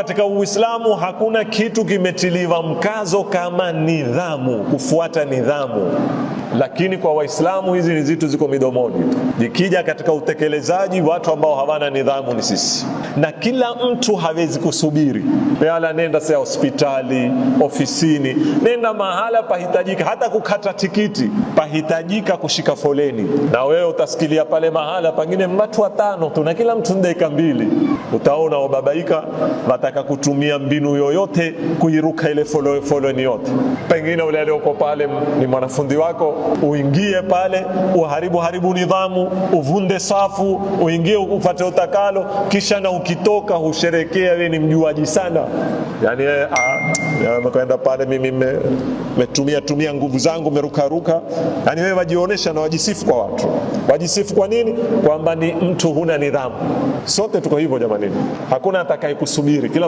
Katika Uislamu hakuna kitu kimetiliwa mkazo kama nidhamu, kufuata nidhamu lakini kwa Waislamu hizi ni zitu ziko midomoni Ikija katika utekelezaji, watu ambao hawana nidhamu ni sisi, na kila mtu hawezi kusubiri. Ala, nenda sea hospitali, ofisini, nenda mahala pahitajika, hata kukata tikiti pahitajika kushika foleni, na wewe utasikilia pale mahala pengine watu watano tu na kila mtu dakika mbili, utaona wababaika, wataka kutumia mbinu yoyote kuiruka ile foleni yote. Pengine ule alioko pale ni mwanafunzi wako uingie pale uharibu haribu nidhamu, uvunde safu, uingie ufate utakalo, kisha na ukitoka husherekea wewe ni mjuaji sana, yani eh, amekwenda ah, pale, mimi metumia tumia nguvu zangu merukaruka, yani wewe wajionesha na wajisifu kwa watu. Wajisifu kwa nini? Kwamba ni mtu huna nidhamu. Sote tuko hivyo jamani, hakuna atakayekusubiri kila